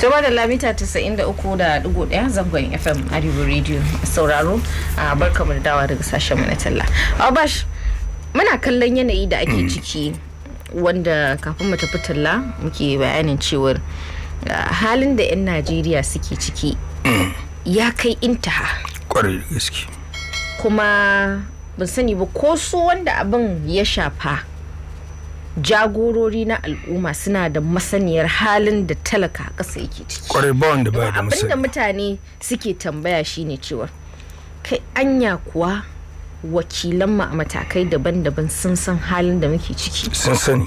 to ba da lamita 93.1 zangon fm arewa radio sauraro a mu da dawa daga sashen mu na talla abash muna kallon yanayi da ake mm. ciki wanda kafin mu tafi talla muke bayanin cewar halin da 'yan najeriya suke ciki mm. ya kai intaha kwarai gaske kuma ban sani ba ko su wanda abin ya shafa jagorori na al'umma suna da masaniyar halin da talaka a ƙasa yake ciki kwarai ba wanda ba da abinda mutane suke tambaya shine cewa kai anya kuwa wakilan mu a matakai daban-daban sun san halin da muke ciki sun sani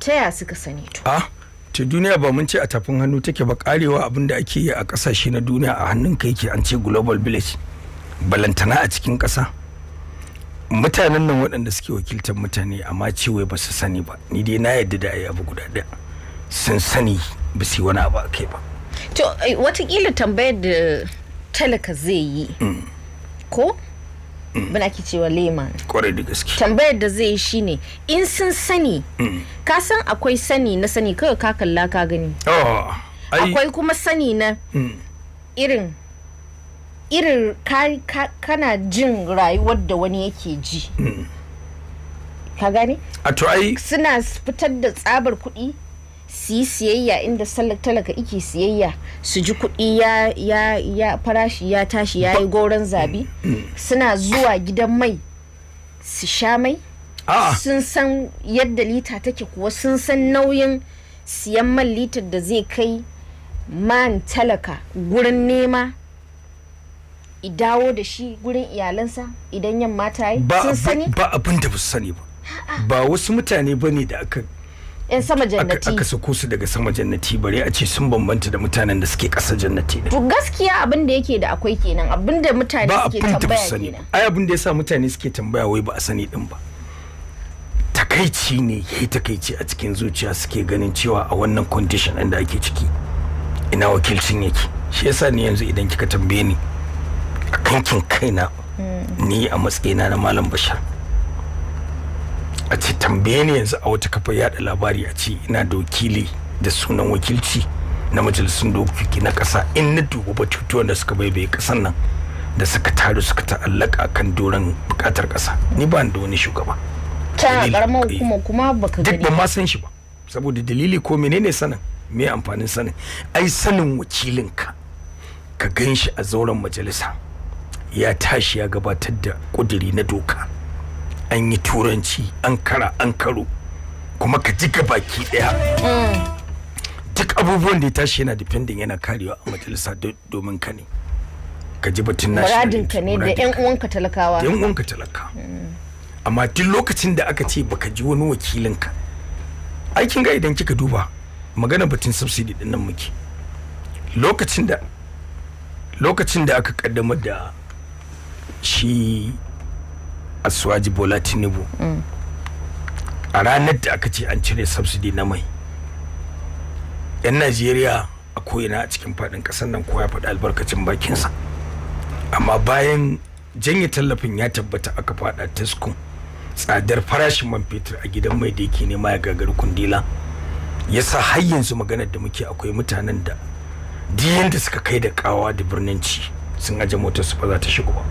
ta ya suka sani to ah ta duniya ba mun ce a tafin hannu take ba karewa abin da ake yi a ƙasashe na duniya a hannun kai ke an ce global village balantana a cikin ƙasa mutanen nan waɗanda suke wakiltar mutane amma cewa ba su sani ba ni dai na yadda da ayi abu guda ɗaya sun sani ba su yi wani abu a kai ba to watakila tambayar da talaka zai yi mm. ko mm. bana ki cewa leman kwarai da gaske tambayar da zai yi shine in sun sani mm. ka san akwai sani na sani kawai ka kalla ka gani oh, akwai kuma sani na irin irin kana jin rayuwar da wani yake ji ka gane suna fitar da tsabar kuɗi su yi siyayya inda talaka ike siyayya su ji kuɗi ya farashi ya tashi ya yi goron zabi suna zuwa gidan mai su sha mai sun san yadda lita take kuwa sun san nauyin siyan man litar da zai kai man talaka gurin nema dawo da shi gurin iyalansa idan yamma ta yi sun sani ba abin da sani ba ba wasu mutane ba ne da aka yan sama jannati aka sako su daga sama jannati bare a ce sun bambanta da mutanen da suke ƙasa jannati to gaskiya abin da yake da akwai kenan abin da mutane suke tambaya kenan ai abin da yasa mutane suke tambaya wai ba a sani din ba takaici ne yayi takaici a cikin zuciya suke ganin cewa a wannan condition da ake ciki ina wakilcin yake shi yasa ne yanzu idan kika tambaye ni a kankin kaina ni a matsayina na malam bashar a ce tambaye ni yanzu a wata kafa yada labari a ce ina da wakili da sunan wakilci na majalisun dokoki na kasa in na duba batutuwan da suka bai kasan nan da suka taru suka ta'allaka kan doron bukatar kasa ni ba da wani shugaba ta karamar kuma baka gani duk ba ma san shi ba saboda dalili ko menene sanin me amfanin sanin ai sanin wakilinka ka gan shi a zauren majalisa ya tashi ya gabatar da kuduri na doka an yi turanci an kara an karo kuma ka ji baki daya duk abubuwan da ya tashi yana depending yana karewa a majalisa domin ka ne ka ji batun nashi muradinka ne da yan uwanka talakawa da yan uwanka talaka amma duk lokacin da aka ce baka ji wani wakilinka aikin ga idan kika duba magana batun subsidy din nan muke lokacin da lokacin da aka kaddamar da shi asuwaji bola tinubu a ranar da aka ce an cire subsidy na mai yan najeriya a ko'ina a cikin faɗin ƙasar nan kowa ya faɗi albarkacin bakinsa amma bayan janye tallafin ya tabbata aka faɗa tasko tsadar farashin man fetur a gidan mai da yake nema ya gagar kundila ya sa har yanzu maganar da muke akwai mutanen da diyan da suka kai da kawa da birnin ci sun aje motar su ba za ta shigo ba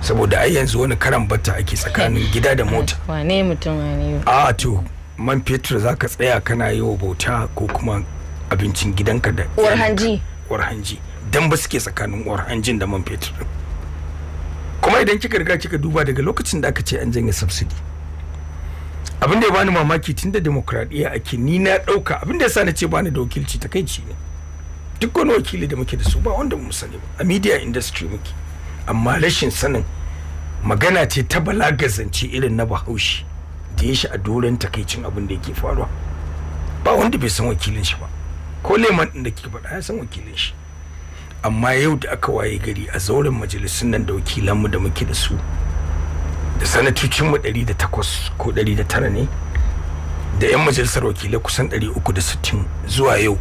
saboda ai yanzu wani karan batta ake tsakanin gida da mota wane mutum wane a to man fetur za ka tsaya kana yi wa bauta ko kuma abincin gidanka da uwar hanji uwar hanji dan ba suke tsakanin uwar hanjin da man fetur kuma idan kika riga kika duba daga lokacin da aka ce an janye subsidy abin da ya bani mamaki tun da demokuraɗiyya ake ni na ɗauka abin da ya sa na ce bani da wakilci ta kai ne duk wani wakili da muke da su ba wanda mu sani ba a media industry muke amma rashin sanin magana ce ta balagazance irin na bahaushe da ya shi a doron takaicin abin da yake faruwa ba wanda bai san wakilin shi ba ko leman ɗin da ke faɗa ya san wakilin shi amma yau da aka waye gari a zauren majalisun nan da wakilanmu da muke da su da mu 108 ko 109 ne da 'yan majalisar wakilai kusan 360 zuwa yau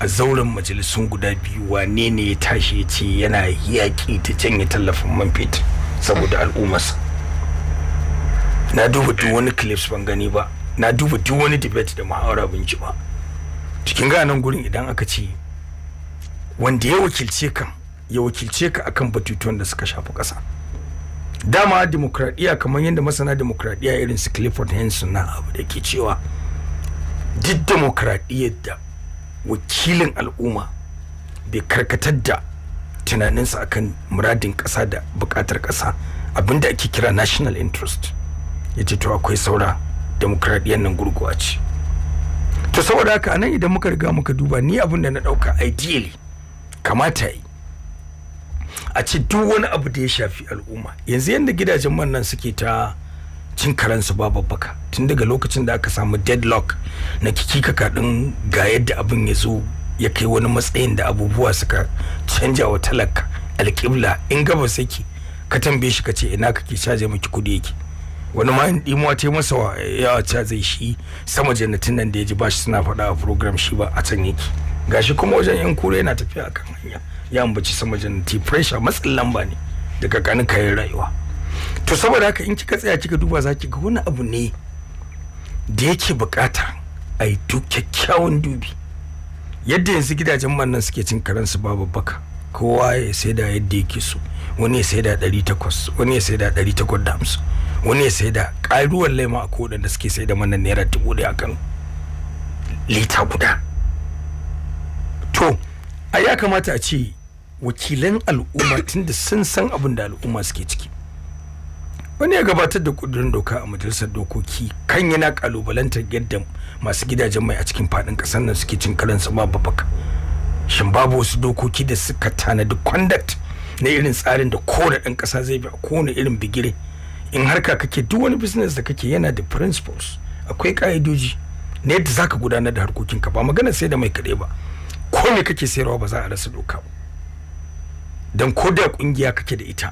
a zauren majalisun guda biyu wane ne ya tashi ya ce yana yaƙi ta janye tallafin man fetur saboda al'ummarsa na duba duk wani clips ban gani ba na duba duk wani debate da muhawara bin ci ba cikin ganan gurin idan aka ce wanda ya wakilce ka ya wakilce ka akan batutuwan da suka shafi ƙasa dama demokradiya kamar yadda masana demokradiya irin su clifford henson na abu da ke cewa duk demokradiyar da wakilin al'umma bai karkatar da tunaninsa akan muradin kasa da kasa ƙasa da ake kira national interest ya to akwai saura demokradiyyar nan gurguwa ce to saboda haka anan idan muka riga muka duba ni abin da na dauka ideally kamata yi a ce duk wani abu da ya shafi al'umma yanzu yadda gidajen man nan suke ta cin karansu ba babbaka tun daga lokacin da aka samu deadlock na kikika kaɗin ga yadda abin ya zo ya kai wani matsayin da abubuwa suka canja wa talaka alƙibla in gabas sai ka tambaye shi ka ce ina kake caje miki kuɗi yake wani ma in dimuwa ta masa yawa ca zai shi sama jannatin nan da ya ji bashi suna faɗa a program shi ba a can yake gashi kuma wajen yan kure yana tafiya akan hanya ya ambaci sama jannati pressure matsin lamba ne daga kanin kayan rayuwa to saboda haka in kika tsaya kika duba za ga wani abu ne da yake bukata a yi duk kyakkyawan dubi yadda yanzu gidajen man suke cin karansu babu baka kowa ya sai da yadda yake so wani ya sai da 800 wani ya sai da 850 wani ya sai da ƙaruwar laima a kowa da suke sai da mana naira dubu a kano lita guda to a ya kamata a ce wakilan al'umma tun da sun san abin da al'umma suke ciki wani ya gabatar da kudurin doka a majalisar dokoki kan yana kalubalantar yadda masu gidajen mai a cikin fadin kasar nan suke cin karin sama babaka shin babu wasu dokoki da suka tanadi conduct na irin tsarin da kowane dan kasa zai bi a kowane irin bigire in harka kake duk wani business da kake yana da principles akwai ka'idoji na yadda zaka gudanar da harkokinka ba magana sai da mai kaɗai ba ko me kake sayarwa ba za a rasa doka ba don ko da ƙungiya kake da ita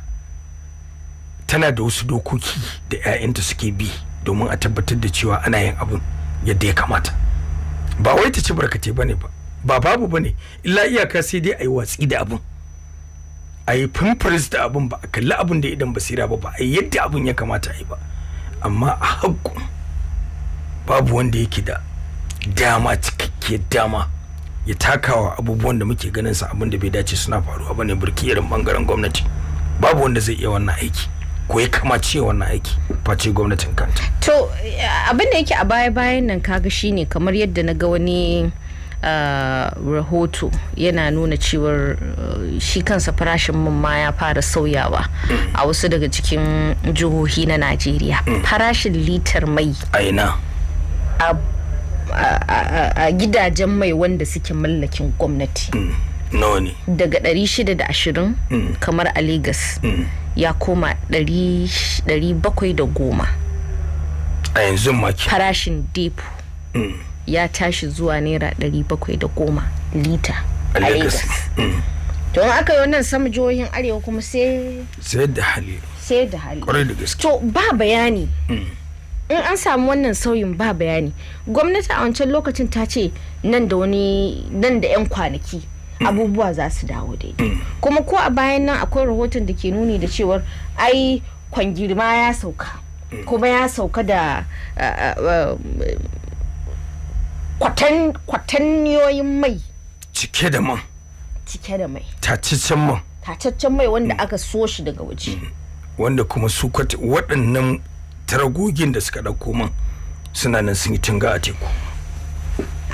tana da wasu dokoki da 'ya'yanta suke bi domin a tabbatar da cewa ana yin abun yadda ya kamata ba wai ta ci barkate ba ne ba ba babu ba ne illa iyaka sai dai a yi watsi da abin a yi da abin ba a kalli abin da idan basira ba ba a yadda abin ya kamata a yi ba amma a haƙƙo babu wanda yake da dama cikakkiyar dama ya takawa abubuwan da muke ganin sa abun da bai dace suna faruwa bane burki irin bangaren gwamnati babu wanda zai iya wannan aiki ko ya kamace wannan aiki face gwamnatin kanta to abin da yake a baya-bayan nan kaga shine kamar yadda na ga wani ah, rahoto yana nuna cewar eh, shi kansa farashin man ma ya fara sauyawa a wasu daga cikin jihohi na najeriya mm. farashin litar mai aina a, gidajen mai wanda suke mallakin gwamnati mm. nawa ne daga 620 mm. kamar a Legas. ya koma 710 a yanzu maki farashin deep mm. ya tashi zuwa naira 710 lita a lagos don mm. aka yi wannan sama jihohin arewa kuma sai sai da hali sai da hali kwarai da gaske to ba bayani mm. in an samu wannan sauyin ba bayani gwamnati a wancan lokacin ta ce nan da wani nan da 'yan kwanaki abubuwa za su dawo daidai kuma ko a bayan nan akwai rahoton da ke nuni da cewar ai kwangirma ya sauka kuma ya sauka da kwatanniyoyin mai cike da man cike da mai tacaccen man tacaccen mai wanda mm. aka so shi daga waje mm. wanda kuma su waɗannan taragogin da suka ɗauko man suna nan sun yi tunga a teku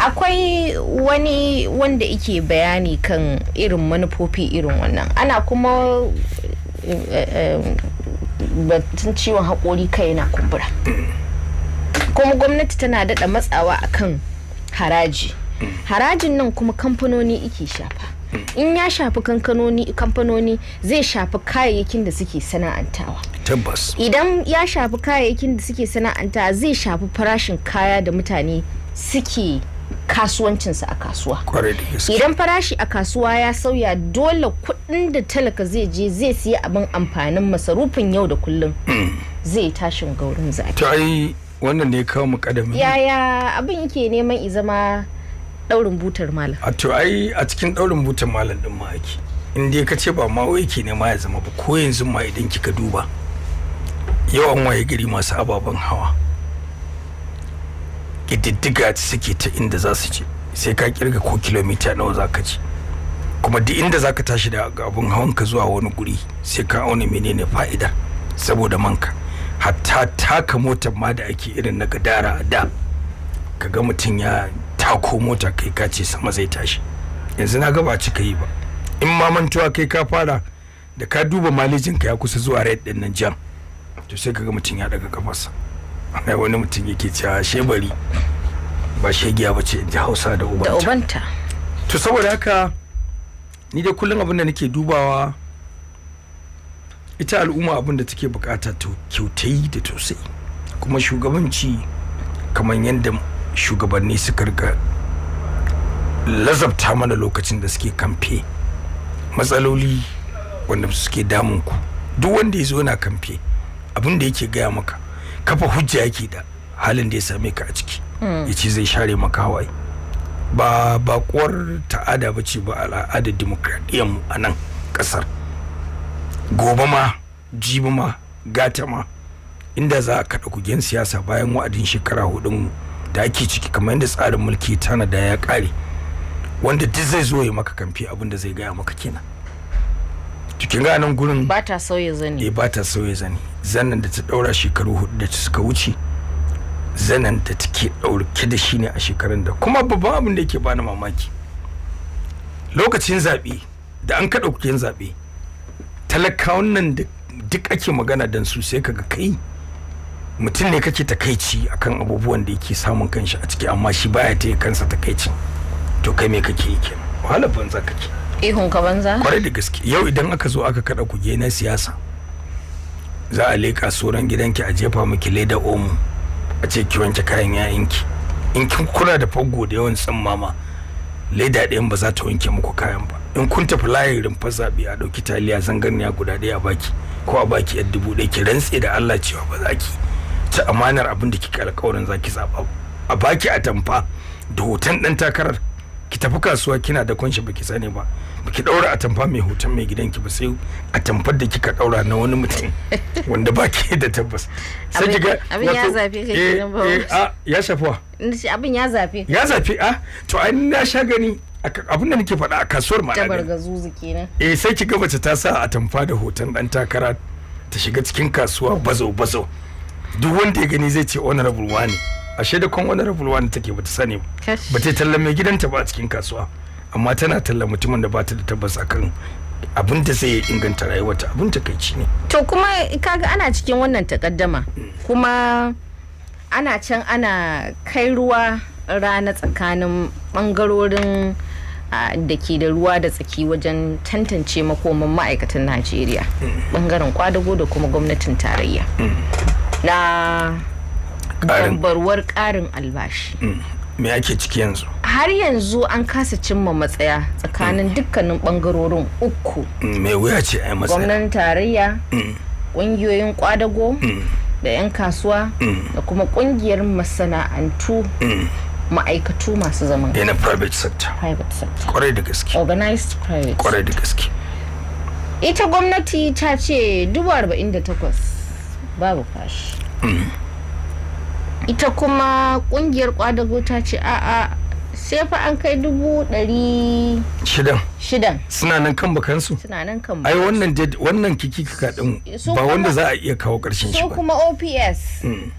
akwai wani wanda ike bayani kan irin manufofi irin wannan ana kuma eh, eh, batun ciwon haƙori kai yana kumbura kuma gwamnati tana daɗa matsawa akan haraji harajin nan kuma kamfanoni ike shafa in ya shafi kamfanoni zai shafi kayayyakin da suke sana'antawa tabbas idan ya shafi kayayyakin da suke sana'anta zai shafi farashin kaya da mutane suke kasuwancinsa a kasuwa idan farashi a kasuwa ya sauya dole kuɗin da talaka zai je zai siya abin amfanin masarufin yau da kullum hmm. zai tashin gaurin zafi wannan ne kawo mukadamin yaya abin yake neman i zama daurin butar malam a to ai a cikin daurin butar malam din ma ake in dai ka ce ba ma wai yake nema ya zama ba ko yanzu ma idan kika duba yawan waye gari masu ababen hawa ƙididdiga suke ta inda za su je sai ka kirga ko kilomita nawa za ka ci kuma duk inda za ka tashi da abun hawan ka zuwa wani guri sai ka auna menene fa'ida saboda manka hatta taka motar ma da ake irin na gadara a da ga mutum ya tako mota kai ka ce sama zai tashi yanzu na gaba cika yi ba in ma mantuwa kai ka fara da ka duba malejinka ya kusa zuwa red din nan jam to sai ka ga mutum ya daga kafarsa na wani mutum yake cewa shebari ba shegiya ba ce in ji hausa da ubanta da to saboda haka ni dai kullum abin da nake dubawa ita al'umma abin da take bukata to kyautai da tosai kuma shugabanci kamar yadda shugabanni suka riga lazabta mana lokacin da suke kamfe matsaloli wanda suke damun ku duk wanda ya zo na kamfe abin da yake gaya maka kafa hujja yake da halin da ya same ka a ciki hmm. ya ce zai share maka hawaye ba bakuwar ta'ada ba ce ba al'adar demokradiyyar mu a nan kasar gobe ma jibi ma gata ma inda za a kaɗa kugen siyasa bayan wa'adin shekara hudun da ake ciki kamar yadda tsarin mulki tana da ya ƙare wanda duk zai zo ya maka kamfe abin da zai gaya maka kenan cikin ga nan gurin ba ta sauya zani eh ba ta sauye zani zanen da ta daura shekaru hudu da suka wuce zanen da take dauke da shi ne a shekarun da kuma babban abin da yake bani mamaki lokacin zaɓe da an ka dauke zaɓe talakawan nan da duk ake magana dan su sai kaga kai mutum ne kake takaici akan abubuwan da yake samun kanshi a ciki amma shi baya ta kansa takaici to kai me kake yi kenan wahala banza kake ihun ka banza kwarai da gaske yau idan aka zo aka kada kuge na siyasa za a leƙa soran gidanki a jefa miki leda omo a ce ki wanke kayan yayinki in kin kula da faggo da yawan tsammama leda ɗayan ba za ta wanke muku kayan ba in kun tafi layin rumfa zaɓe a ɗauki taliya zangarniya guda ɗaya a baki ko a baki yar dubu ɗaya ki rantse da Allah cewa ba za ki ci amanar abin da kika alƙawarin za ki zaɓa a baki a tamfa da hoton ɗan takarar ki tafi kasuwa kina da kunshi baki sani ba baki daura atamfa mai hoton mai gidanki ba sai atamfar da kika daura na wani mutum wanda ba ke da tabbas sai kiga abin ya zafi. kai eh, gidan ba eh ya shafuwa abin ya zafi. ya zafi? a to an na sha gani abin da nake faɗa a kasuwar ma ga zuzu kenan eh sai kiga mace ta sa atamfa da hoton dan takara ta shiga cikin kasuwa bazo bazo duk wanda ya gani zai ce honorable wani ashe da kwan honorable wani take bata sani ba ta talla mai gidanta ba a cikin kasuwa amma tana talla mutumin da bata da tabbas akan abin da zai inganta rayuwarta abin takaici ne to kuma kaga ana cikin wannan takaddama kuma ana can ana kai ruwa rana tsakanin bangarorin da ke da ruwa da tsaki wajen tantance makoman ma'aikatan najeriya bangaren hmm. kwadago da kuma gwamnatin tarayya hmm. na barwar ƙarin albashi mm. me ake ciki yanzu har yanzu an kasa cimma matsaya tsakanin mm. dukkanin bangarorin uku mm, me wuya ce a matsaya gwamnan tarayya ƙungiyoyin kwadago da 'yan kasuwa da kuma ƙungiyar masana'antu ma'aikatu masu zaman na private sector private sector Ƙwarai da gaske organized private Ƙwarai da gaske ita gwamnati ta ce takwas, babu kashi. ita kuma kungiyar kwadago ta ce a'a sai fa an kai dubu dari shidan shidan suna nan kan bakansu suna nan kan ai wannan wannan kiki kaka din ba wanda za a iya kawo karshen shi ba su kuma OPS hmm.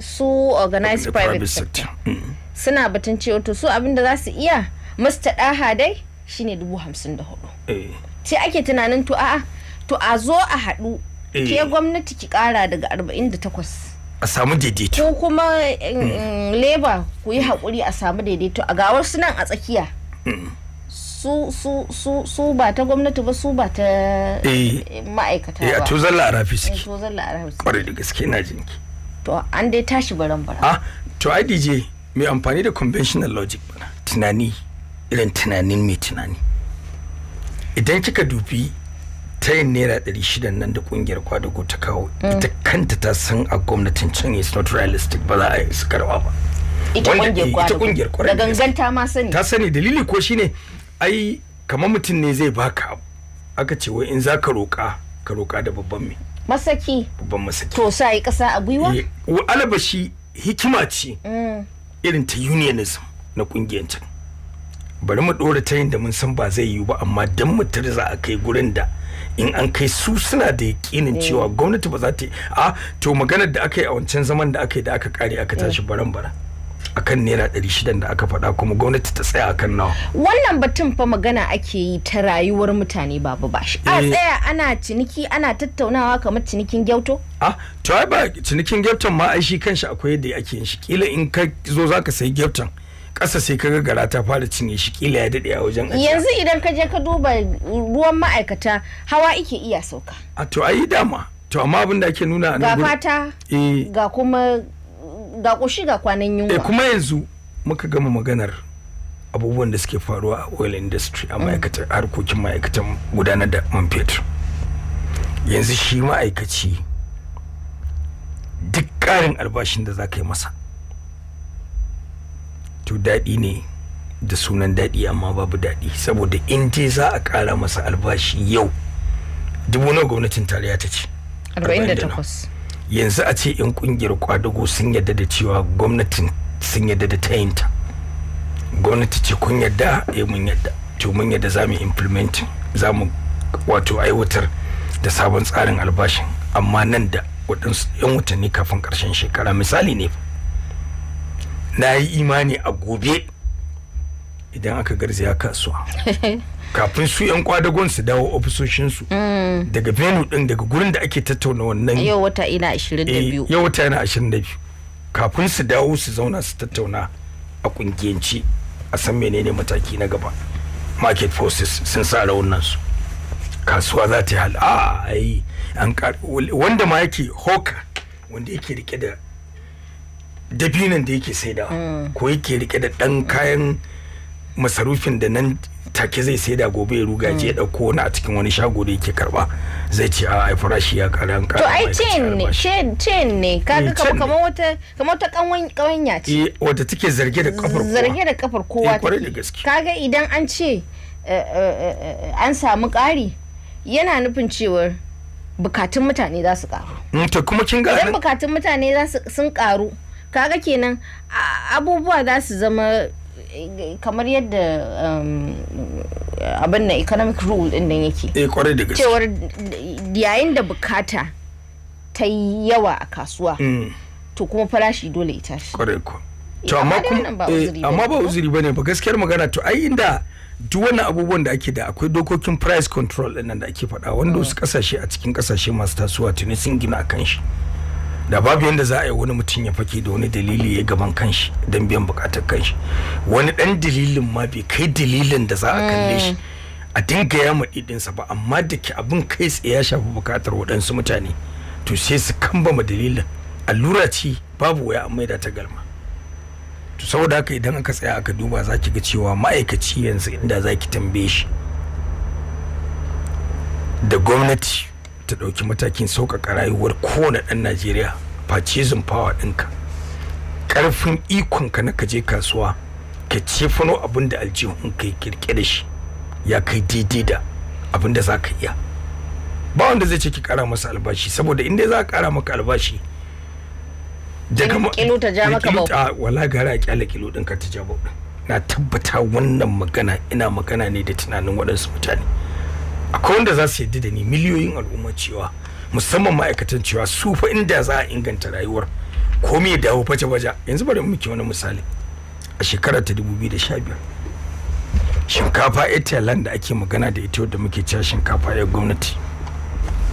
su organized private sector hmm. suna batun ce to su abinda za su iya masta ɗaha dai shine dubu hamsin da hudu eh. sai ake tunanin to a'a to a zo a haɗu eh. ke gwamnati ki ƙara daga arba'in da takwas a samu daidaito ko kuma eh, hmm. eh, leba ku yi haƙuri a samu daidaito a ga wasu nan a tsakiya hmm. su su su su ba ta gwamnati ba su ba ta eh. ma'aikata ba. to zalla a rafi suke. to zalla a rafi suke. Kwarai da gaske na jinki. To an dai tashi baran bara. Ah to IDJ mai amfani da conventional logic bana tunani irin tunanin mai tunani. Idan kika dubi yin naira ɗari shida nan da ƙungiyar kwadago ta kawo ita kanta ta san a gwamnatin can is not realistic ba za a yi su karɓa ba ita ƙungiyar eh, kwadago da gangan ta ma sani ta sani dalili ko shine ai kamar mutum ne zai baka abu aka ce wai in za ka roƙa ka roƙa da babban mai. masaki babban masaki to sai ƙasa a gwiwa eh, alabashi hikima ce mm. irin ta unionism na ƙungiyar can bari mu ɗora ta yin da mun san ba zai yiwu ba amma dan mu tarza a kai gurin da in an kai su suna da yakinin mm. cewa gwamnati ba za ta a to maganar da aka yi a wancan zaman da aka yi da aka kare aka mm. tashi baran baran akan naira ɗari shidan da aka faɗa kuma gwamnati ta tsaya akan nawa. Wannan batun fa magana ake yi ta rayuwar mutane babu bashi. A eh. tsaya ana ciniki ana tattaunawa kamar cinikin gyauto? Ah, to ai ba cinikin gyauton ma ai shi kanshi akwai yadda ake yin shi. Kila in ka zo zaka sayi gyauton kasa sai ka gara ta fara cinye shi kila ya daɗe a wajen ajiya yanzu idan ka je ka duba ruwan ma'aikata hawa ike iya sauka a to ayi dama to amma abin da ake nuna ga fata eh. ga kuma ga ƙoshi ga kwanan yunwa eh kuma yanzu muka gama maganar abubuwan da suke faruwa a oil industry a mm. ma'aikatar harkokin ma'aikatan gudanar da man fetur yanzu shi ma'aikaci duk ƙarin albashin da za ka yi masa to daɗi ne da sunan daɗi amma babu daɗi saboda in te za a ƙara masa albashi yau dubu nawa gwamnatin tarayya ta ce 48 yanzu a ce in kungiyar kwadago sun yadda da cewa gwamnatin sun yadda da ta yinta gwamnati ce kun yadda ya eh, mun yadda to mun yadda za mu implement za mu wato aiwatar da sabon tsarin albashin amma nan da waɗansu 'yan watanni kafin ƙarshen shekara misali ne fa na yi imani a gobe idan aka garzaya kasuwa kafin su 'yan kwadagon su dawo ofisoshinsu mm. daga benu din daga gurin da ake tattauna wannan yau wata ina 22 eh, kafin su dawo su zauna su tattauna a kungiyanci a san menene mataki na gaba market forces sun sa raunan su kasuwa za ta yi hal a ai an wanda ma yake hawker wanda yake rike da dabinan da yake saida mm. ko yake rike da ɗan kayan masarufin da nan take zai saida gobe ya ruga je dauko mm. wani a cikin wani shago da yake karba zai ce a farashi ya kara an kara to ai chain ne chain ne kaga eh, kamar wata kamar wata kawanya ce eh, wata take zarge da kafar kowa zarge da kafar kowa eh, take kaga idan an ce an samu ƙari yana nufin cewa bukatun mutane za su karu mm, to kuma kin ga idan bukatun mutane za su sun karu kaga kenan abubuwa za su zama kamar yadda um, abin na economic rule din nan yake eh, da cewar yayin da bukata ta yi yawa a kasuwa mm. to kuma farashi dole ita shi eh, to amma ba eh, uzuri ba uzuri ba gaskiyar magana to ai inda duk wani abubuwan da ake da akwai dokokin price control din da ake faɗa wanda mm. wasu kasashe a cikin kasashe masu tasowa tuni sun gina a kan shi da babu yadda za a yi wani mutum ya fake da wani dalili ya gaban kanshi don biyan bukatar kanshi wani dan dalilin ma bai kai dalilin da za a kalle shi a dinga ya maɗiɗinsa ba amma da ke abin kai tsaye ya shafi bukatar waɗansu mutane to sai su kambama dalilin allura ce babu waya amma maida ta galma to saboda haka idan aka tsaya aka duba za ki ga cewa ma'aikaci yanzu inda za ki tambaye shi da gwamnati ta dauki matakin sauƙaƙa rayuwar kowane ɗan najeriya facizin fawa ɗinka ƙarfin ikonka na kaje kasuwa ka cefano abin da aljihun kai kirke da shi ya kai daidai da abin da za ka iya ba wanda zai ce ki kara masa albashi saboda inda za ka ƙara maka albashi da ma kilo ta ja maka bauta wala gara kyale kilo ɗinka ta ja bauta na tabbata wannan magana ina magana ne da tunanin waɗansu mutane akwai wanda za su yadda da ni miliyoyin al'umma cewa musamman ma'aikatan cewa su fa inda za a inganta rayuwar ko me dawo face baje yanzu bari muke wani misali a shekarar ta 2015 shinkafa ita Thailand da ake magana da ita wadda muke cewa shinkafa ya gwamnati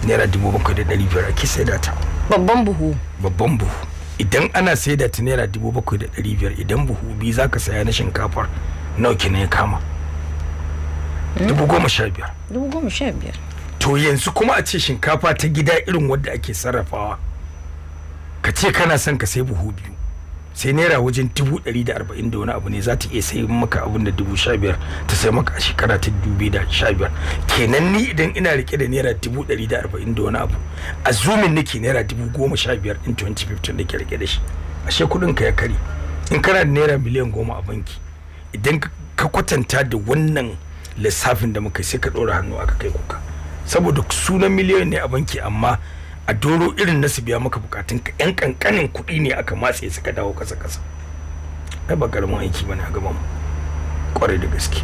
naira biyar ake saida ta babban buhu babban buhu idan ana saida ta naira biyar idan buhu biyu zaka saya na shinkafar nawa kina ya kama dubu goma sha biyar dubu goma sha biyar to yanzu kuma a ce shinkafa ta gida irin wadda ake sarrafawa ka ce kana son ka sai buhu biyu sai naira wajen dubu ɗari da arba'in da wani abu ne za ta iya sai maka abin da dubu sha biyar ta sai maka a shekara ta dubu da sha biyar kenan ni idan ina rike da naira dubu ɗari da arba'in da wani abu a zumin nake naira dubu goma sha biyar in da ke rike da shi ashe kuɗin ka ya kare in kana da naira miliyan goma a banki idan ka kwatanta da wannan lissafin da muka sai ka ɗora hannu aka kai kuka saboda sunan miliyoyin ne a banki amma a doro irin na biya maka bukatun ka yan kankanin kuɗi ne aka matse suka dawo kasa kasa ai ba karamin aiki bane a gaban kwarai da gaske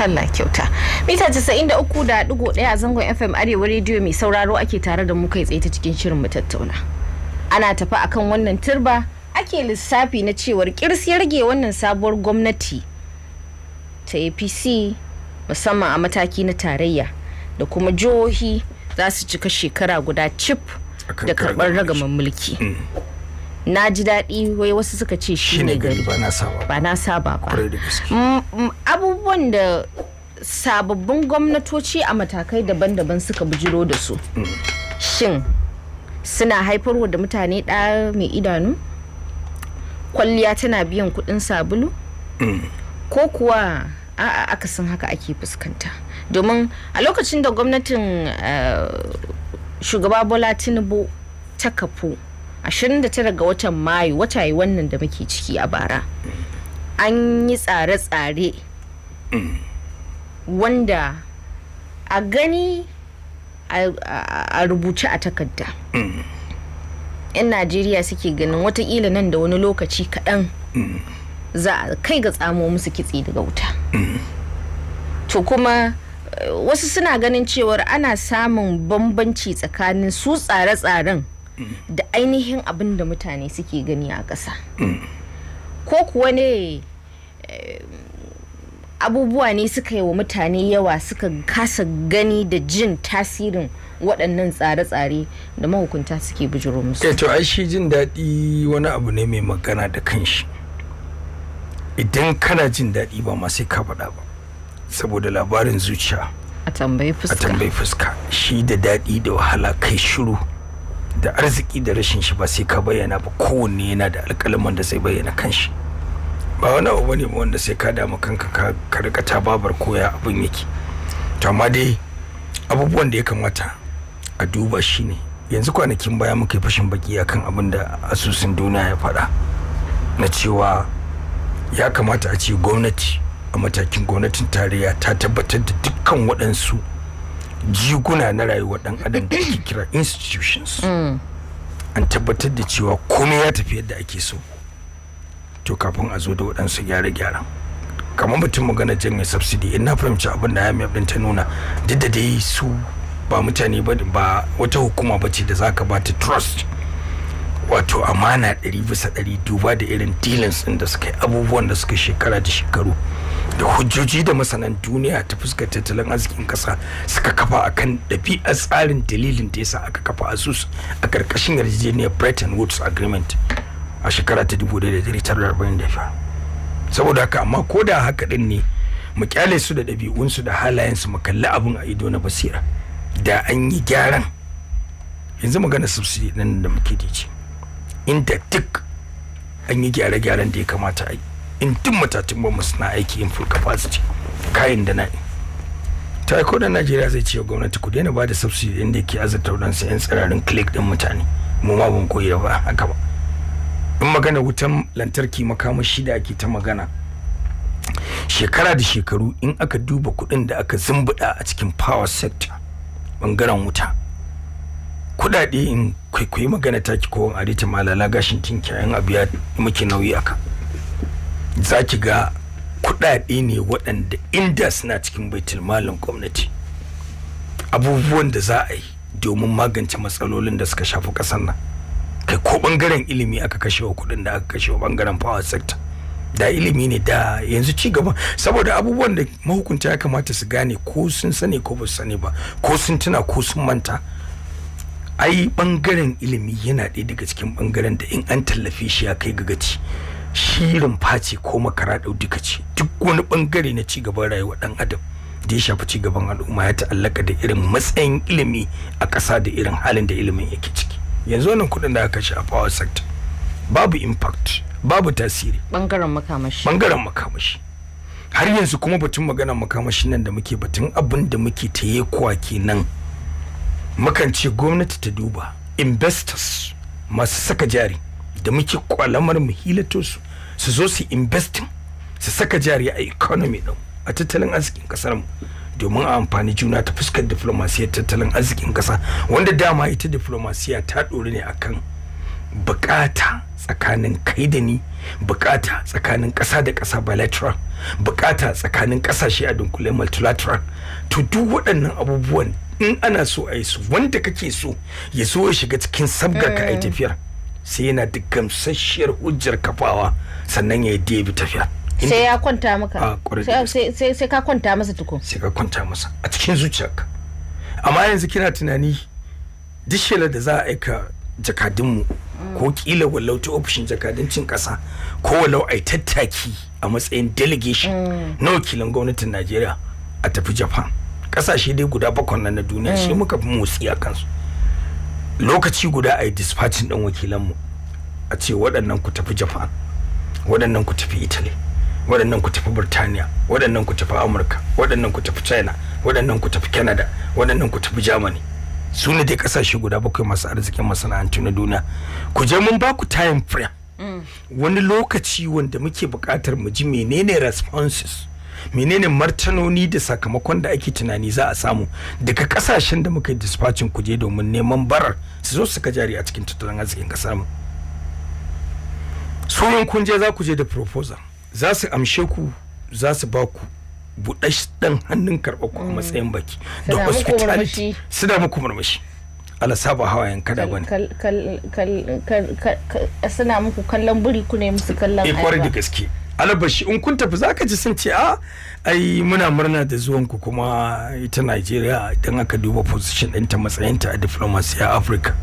Allah kyauta. Mita 93.1 a zangon FM Arewa rediyo mai sauraro ake tare da mu kai tsaye ta cikin shirin mu tattauna. Ana tafi akan wannan turba ake lissafi na cewar kirsiyar rage wannan sabuwar gwamnati ta APC musamman a mataki na tarayya da kuma jihohi za su cika shekara guda cif da karbar ragaman mulki mm. na ji daɗi wai wasu suka ce shi ne gari ba na saba ba mm, mm, abubuwan da sababbin gwamnatoci a matakai daban-daban suka bujiro da su shin suna haifarwa da mutane ɗa mai idanu kwalliya tana biyan kuɗin sabulu ko kuwa a'a akasin haka ake fuskanta domin a lokacin da gwamnatin eh, shugaba bola tinubu ta kafu 29 ga watan mayu wata yi wannan da muke ciki a bara an yi tsare-tsare wanda a gani a rubuce a takarda mm. 'yan najeriya suke ganin watakila nan da wani lokaci kaɗan mm. za a kai ga tsamo musu kitse daga wuta to kuma eh, wasu suna ganin cewar ana samun bambanci tsakanin su tsare-tsaren da ainihin abin da mutane suke gani a ƙasa ko kuwa ne eh, abubuwa ne suka yi wa mutane yawa suka kasa gani da jin tasirin waɗannan tsare-tsare da mahukunta suke bujiro musu. Eh, to ai shi jin daɗi wani abu ne mai magana da kanshi. idan kana jin daɗi ba ma sai ka faɗa ba saboda labarin zuciya a tambayi fuska shi da daɗi da wahala kai shiru da arziki da rashin shi ba sai ka bayyana ba kowanne yana da alƙalaman da zai bayyana kanshi ba wani abu bane wanda sai ka damu kanka ka rika ta babar koya abin yake to amma dai abubuwan da ya kamata a duba shi ne yanzu kwanakin baya muka yi fashin baki akan abin da asusun duniya ya faɗa na cewa ya kamata a ce gwamnati a matakin gwamnatin tarayya ta tabbatar da dukkan waɗansu jiguna na rayuwa ɗan adam da ake kira institutions mm. an tabbatar da cewa komai ya tafi yadda ake so to kafin a zo da waɗansu gyara gyaren kamar mutum magana janye subsidy ina fahimci abin da ya mai din ta nuna duk da dai su ba mutane ba wata hukuma ba ce da zaka ba ta trust wato amana ɗari bisa ɗari duba da irin dealings ɗin da suka abubuwan da suka shekara da shekaru da hujjoji da masanan duniya ta fuska tattalin arzikin ƙasa suka kafa akan ɗabi'ar tsarin dalilin da ya sa aka kafa asus a ƙarƙashin yarjejeniyar bretton woods agreement a shekara ta 1945 saboda haka amma ko da haka ɗin ne mu kyale su da ɗabi'unsu da halayensu mu kalli abin a ido na basira da an yi gyaran yanzu magana subsidy nan da muke dace inda duk an yi gyare-gyaren da ya kamata a yi in duk matatun ba suna aiki in full capacity kayan da na yi ta ko da najeriya zai ce gwamnati ku daina ba da subsidy inda yake azurta wadansu 'yan tsirarin click din mutane mu ma ban koyi ba haka ba in magana wutan lantarki makamashi da ake ta magana shekara da shekaru in aka duba kuɗin da aka zumbuda a cikin power sector bangaren wuta kuɗaɗe in kwaikwayi magana ta ki a arita malala gashin tinki yan abu ya nauyi aka za ki ga kuɗaɗe ne waɗanda inda suna cikin baitul malin gwamnati abubuwan da za a yi domin magance matsalolin da suka shafi ƙasar nan kai ko bangaren ilimi aka kashe wa kuɗin da aka kashe wa bangaren power sector da ilimi ne da yanzu ci gaba saboda abubuwan da mahukunta ya kamata su gane ko sun sani ko ba sani ba ko sun tuna ko sun manta ai bangaren ilimi yana ɗaya daga cikin bangaren da in an tallafe shi ya kai gagaci shirin face ko makara ɗau duka ce duk wani bangare na cigaban rayuwa ɗan adam da ya shafi gaban al'umma ya ta'allaka da irin matsayin ilimi a ƙasa da irin halin da ilimin yake ciki yanzu wannan kuɗin da aka shafa power sector babu impact babu tasiri bangaren makamashi bangaren makamashi har yanzu kuma batun maganar makamashi nan da muke batun abin da muke taye kuwa kenan mukan ce gwamnati ta duba investors masu saka jari da muke kwalamar mu hilato su su zo su investing su saka jari a economy din a tattalin arzikin kasar mu domin a amfani juna ta fuskar diflomasiyar tattalin arzikin kasa wanda dama ita diplomasiya ta ɗori ne akan bukata tsakanin kai da ni bukata tsakanin ƙasa da ƙasa bilateral bukata tsakanin ƙasashe a dunkule multilateral to duk waɗannan abubuwan in ana so a yi su wanda kake so ya so ya shiga cikin sabgar ka a eh. tafiyar sai yana da gamsasshiyar hujjar kafawa sannan ya yi debi tafiyar sai ya kwanta maka sai ka kwanta masa tukun sai ka kwanta masa a cikin zuciyarka amma yanzu kina tunani duk shelar da za a aika jakadunmu mm. ko kila wallau ta ofishin jakadancin kasa ko wallau a tattaki a matsayin delegation mm. na wakilin gwamnatin najeriya a tafi japan kasashe dai guda bakon nan na duniya shi mm. muka fi motsi a kansu lokaci guda a yi dispatchin ɗan wakilanmu a ce waɗannan ku tafi japan waɗannan ku tafi italy waɗannan ku tafi burtaniya waɗannan ku tafi amurka waɗannan ku tafi china waɗannan ku tafi canada waɗannan ku tafi germany su ne dai kasashe guda bakwai masu arzikin masana'antu na duniya ku je mun ba ku time frame mm. wani lokaci wanda muke bukatar mu ji menene responses menene martanoni da sakamakon da ake tunani za a samu daga kasashen da muka yi dispatching kuje domin neman barar su zo su jari a cikin tattalin arzikin kasar mu sunan kun je za ku je da proposal za su amshe ku za su ba ku ɗan hannun karɓar ku a mm. matsayin baki da hospitality su da muku murmushi ala saba hawayen kada bane suna muku kallon buri ku ne musu kallon ai eh, kwarai da gaske albashi in kun tafi zaka ji sun ce a ai muna murna da zuwan ku kuma ita Najeriya idan aka duba position ɗinta matsayinta a diplomacy a Africa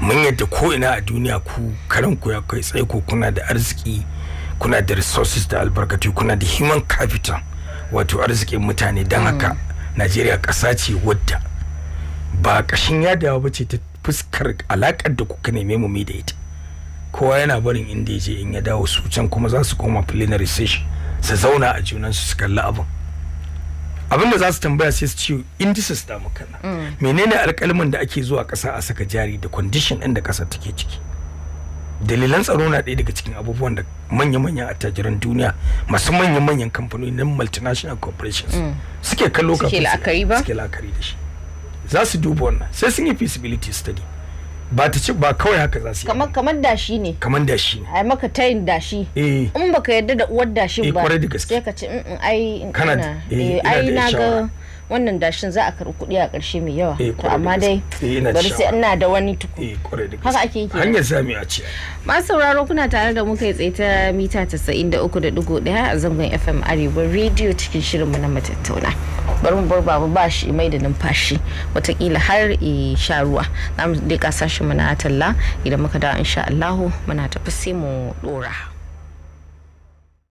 mun yadda ko ina a duniya ku karan ku ya kai tsaye ko kuna da arziki kuna da resources da albarkatu kuna da human capital wato arzikin mutane dan haka mm. Najeriya ƙasa ce wadda ba ƙashin yadawa ba ce ta fuskar alaƙar da kuka neme mu da ita kowa yana barin inda ya je in ya dawo su can kuma za su koma plenary session su zauna a junan su su kalli abin abin da za su tambaya sai su ce indices da muka menene alkalman da ake zuwa ƙasa a saka jari da condition inda da ƙasa take ciki dalilan tsaro na ɗaya daga cikin abubuwan da manya-manyan attajiran duniya masu manya-manyan kamfanoni na multinational corporations mm. suke kallo kafin suke la'akari da shi za su duba wannan sai sun yi feasibility study ba ta ci ba kawai haka za su yi kamar kamar dashi ne kamar dashi ne ai maka tayin dashi eh in baka yarda da uwar dashin eh, ba sai ka ce mm, mm, in eh, eh, ai kana ai na ga wannan dashin za a karɓi kuɗi a ƙarshe mai yawa to amma dai bari sai ina da wani tuku haka ake yi hanyar sami a ce masu sauraro kuna tare da muka tsaye ta mita 93.1 a zangon FM Arewa radio cikin shirinmu na matattauna bari mu bar babu ba shi mai da numfashi watakila har e sha ruwa za mu dai kasashen mu na talla idan muka da insha Allahu muna tafi sai mu dora